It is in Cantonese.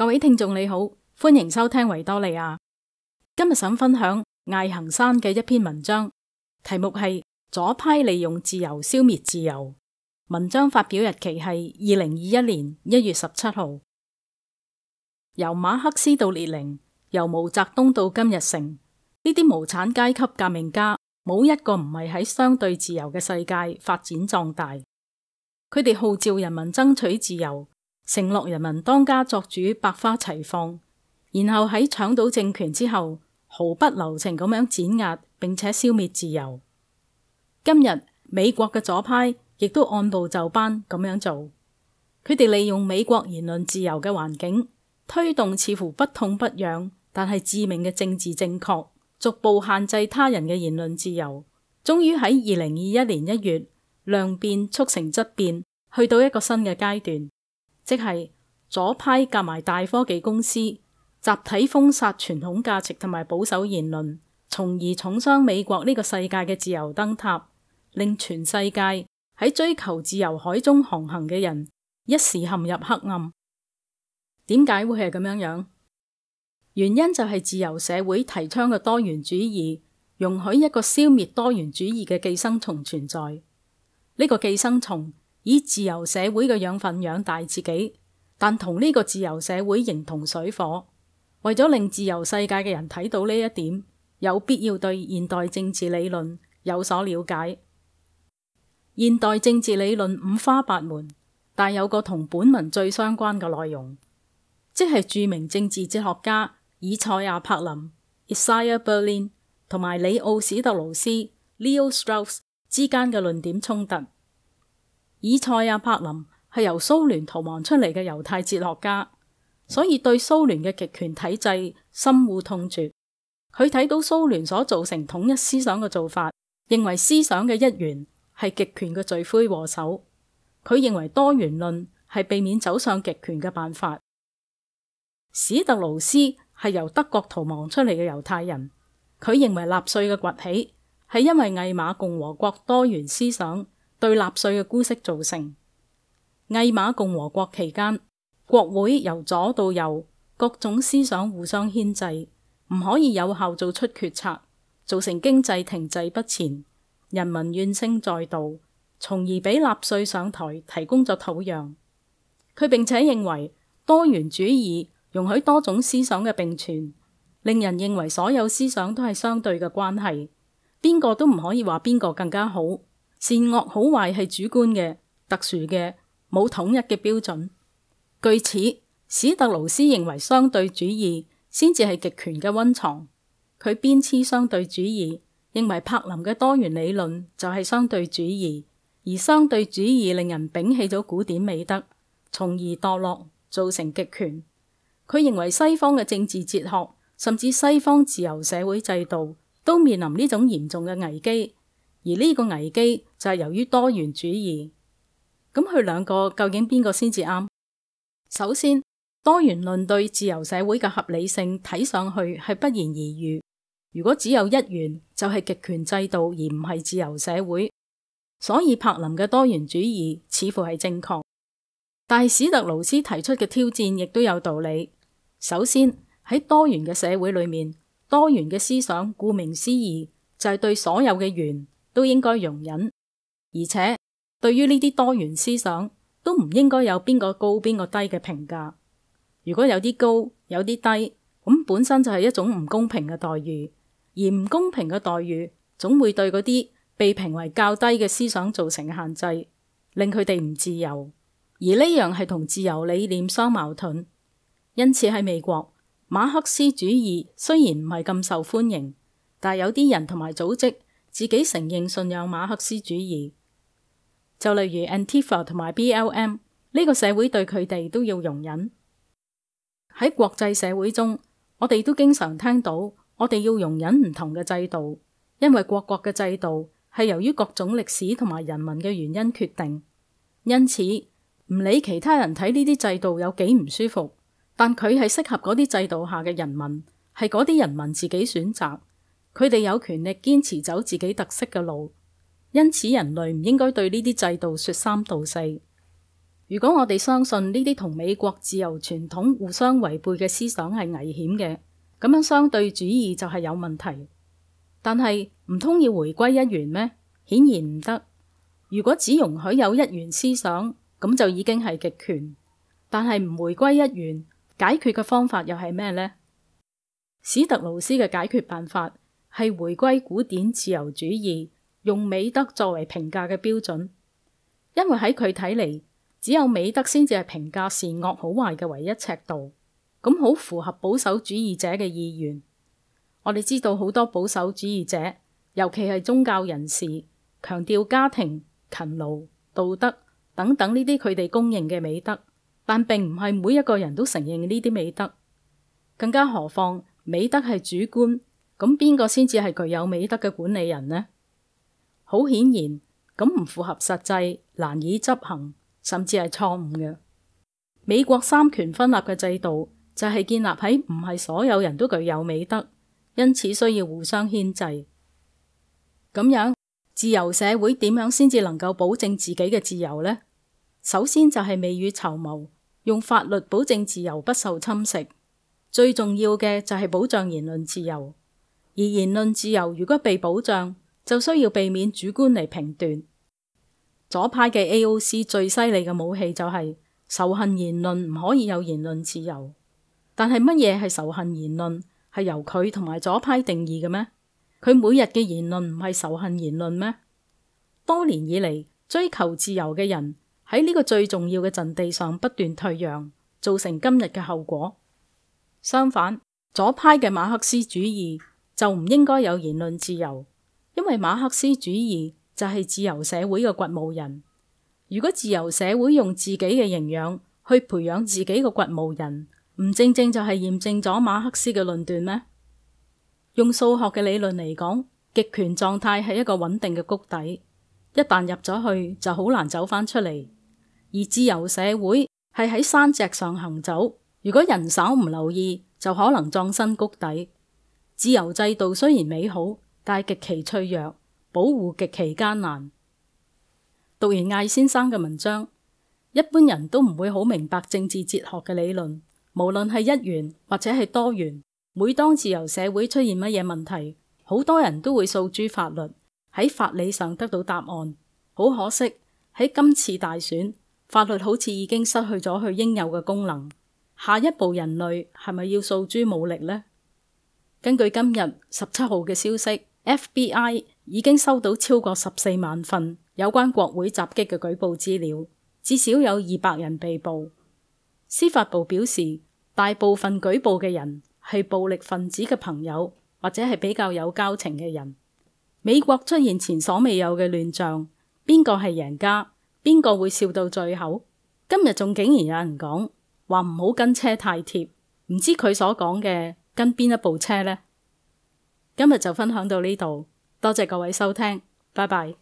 各位聽眾你好，歡迎收聽維多利亞。今日想分享艾行山嘅一篇文章，題目係左派利用自由消滅自由。文章發表日期係二零二一年一月十七號。由馬克思到列寧，由毛澤東到金日成，呢啲無產階級革命家冇一個唔係喺相對自由嘅世界發展壯大。佢哋號召人民爭取自由。承諾人民當家作主，百花齊放，然後喺搶到政權之後毫不留情咁樣碾壓，並且消滅自由。今日美國嘅左派亦都按部就班咁樣做，佢哋利用美國言論自由嘅環境，推動似乎不痛不癢但係致命嘅政治正確，逐步限制他人嘅言論自由。終於喺二零二一年一月量變促成質變，去到一個新嘅階段。即係左派夾埋大科技公司集體封殺傳統價值同埋保守言論，從而重傷美國呢個世界嘅自由燈塔，令全世界喺追求自由海中航行嘅人一時陷入黑暗。點解會係咁樣樣？原因就係自由社會提倡嘅多元主義容許一個消滅多元主義嘅寄生蟲存在，呢、這個寄生蟲。以自由社會嘅養分養大自己，但同呢個自由社會形同水火。為咗令自由世界嘅人睇到呢一點，有必要對現代政治理論有所了解。現代政治理論五花八門，但有個同本文最相關嘅內容，即係著名政治哲學家以賽亞柏林 e z i a h Berlin） 同埋里奧史特勞斯 （Leo Strauss） 之間嘅論點衝突。以賽亞柏林係由蘇聯逃亡出嚟嘅猶太哲學家，所以對蘇聯嘅極權體制深惡痛絕。佢睇到蘇聯所造成統一思想嘅做法，認為思想嘅一元係極權嘅罪魁禍首。佢認為多元論係避免走上極權嘅辦法。史特勞斯係由德國逃亡出嚟嘅猶太人，佢認為納粹嘅崛起係因為魏瑪共和國多元思想，對納粹嘅姑息造成。魏瑪共和國期間，國會由左到右，各種思想互相牽制，唔可以有效做出決策，造成經濟停滯不前，人民怨聲載道，從而俾納粹上台提供咗土壤。佢並且認為多元主義容許多種思想嘅並存，令人認為所有思想都係相對嘅關係，邊個都唔可以話邊個更加好。善惡好壞係主觀嘅，特殊嘅，冇統一嘅標準。據此，史特勞斯認為相對主義先至係極權嘅温床。佢鞭笞相對主義，認為柏林嘅多元理論就係相對主義，而相對主義令人摒棄咗古典美德，從而墮落，造成極權。佢認為西方嘅政治哲學，甚至西方自由社會制度，都面臨呢種嚴重嘅危機。而呢個危機就係由於多元主義，咁佢兩個究竟邊個先至啱？首先，多元論對自由社會嘅合理性睇上去係不言而喻。如果只有一元就係極權制度，而唔係自由社會，所以柏林嘅多元主義似乎係正確。但係史特勞斯提出嘅挑戰亦都有道理。首先喺多元嘅社會裏面，多元嘅思想顧名思義就係對所有嘅元。都應該容忍，而且對於呢啲多元思想都唔應該有邊個高邊個低嘅評價。如果有啲高有啲低，咁本身就係一種唔公平嘅待遇，而唔公平嘅待遇總會對嗰啲被評為較低嘅思想造成限制，令佢哋唔自由，而呢樣係同自由理念相矛盾。因此喺美國，馬克思主義雖然唔係咁受歡迎，但係有啲人同埋組織。自己承認信仰馬克思主義，就例如 Antifa 同埋 BLM，呢個社會對佢哋都要容忍。喺國際社會中，我哋都經常聽到，我哋要容忍唔同嘅制度，因為各國嘅制度係由於各種歷史同埋人民嘅原因決定。因此，唔理其他人睇呢啲制度有幾唔舒服，但佢係適合嗰啲制度下嘅人民，係嗰啲人民自己選擇。佢哋有權力堅持走自己特色嘅路，因此人類唔應該對呢啲制度說三道四。如果我哋相信呢啲同美國自由傳統互相違背嘅思想係危險嘅，咁樣相對主義就係有問題。但係唔通要回歸一元咩？顯然唔得。如果只容許有一元思想，咁就已經係極權。但係唔回歸一元，解決嘅方法又係咩呢？史特勞斯嘅解決辦法。係回歸古典自由主義，用美德作為評價嘅標準，因為喺佢睇嚟，只有美德先至係評價善惡好壞嘅唯一尺度。咁好符合保守主義者嘅意願。我哋知道好多保守主義者，尤其係宗教人士，強調家庭、勤勞、道德等等呢啲佢哋公認嘅美德，但並唔係每一個人都承認呢啲美德。更加何況，美德係主觀。咁邊個先至係具有美德嘅管理人呢？好顯然，咁唔符合實際，難以執行，甚至係錯誤嘅。美國三權分立嘅制度就係建立喺唔係所有人都具有美德，因此需要互相牽制。咁樣自由社會點樣先至能夠保證自己嘅自由呢？首先就係未雨綢繆，用法律保證自由不受侵蝕。最重要嘅就係保障言論自由。而言論自由如果被保障，就需要避免主觀嚟評斷。左派嘅 AOC 最犀利嘅武器就係仇恨言論，唔可以有言論自由。但係乜嘢係仇恨言論？係由佢同埋左派定義嘅咩？佢每日嘅言論唔係仇恨言論咩？多年以嚟，追求自由嘅人喺呢個最重要嘅陣地上不斷退讓，造成今日嘅後果。相反，左派嘅馬克思主義，就唔應該有言論自由，因為馬克思主義就係自由社會嘅掘墓人。如果自由社會用自己嘅營養去培養自己嘅掘墓人，唔正正就係驗證咗馬克思嘅論斷咩？用數學嘅理論嚟講，極權狀態係一個穩定嘅谷底，一旦入咗去就好難走翻出嚟。而自由社會係喺山脊上行走，如果人稍唔留意，就可能葬身谷底。自由制度雖然美好，但係極其脆弱，保護極其艱難。讀完艾先生嘅文章，一般人都唔會好明白政治哲學嘅理論。無論係一元或者係多元，每當自由社會出現乜嘢問題，好多人都會訴諸法律，喺法理上得到答案。好可惜，喺今次大選，法律好似已經失去咗佢應有嘅功能。下一步人類係咪要訴諸武力呢？根據今日十七號嘅消息，FBI 已經收到超過十四萬份有關國會襲擊嘅舉報資料，至少有二百人被捕。司法部表示，大部分舉報嘅人係暴力分子嘅朋友或者係比較有交情嘅人。美國出現前所未有嘅亂象，邊個係贏家？邊個會笑到最後？今日仲竟然有人講話唔好跟車太貼，唔知佢所講嘅。跟邊一部車呢？今日就分享到呢度，多謝各位收聽，拜拜。